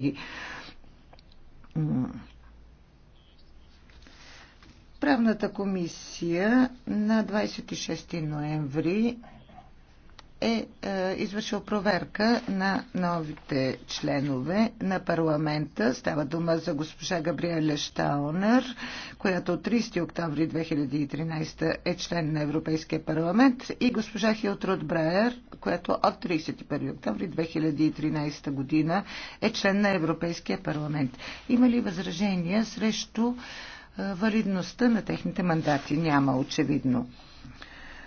и... Правната комисия на 26 ноември е, е извършил проверка на новите членове на парламента. Става дума за госпожа Габриеля Штаунер, която от 30 октомври 2013 е член на Европейския парламент и госпожа Хилтруд Браер, която от 31 октомври 2013 година е член на Европейския парламент. Има ли възражения срещу е, валидността на техните мандати? Няма, очевидно.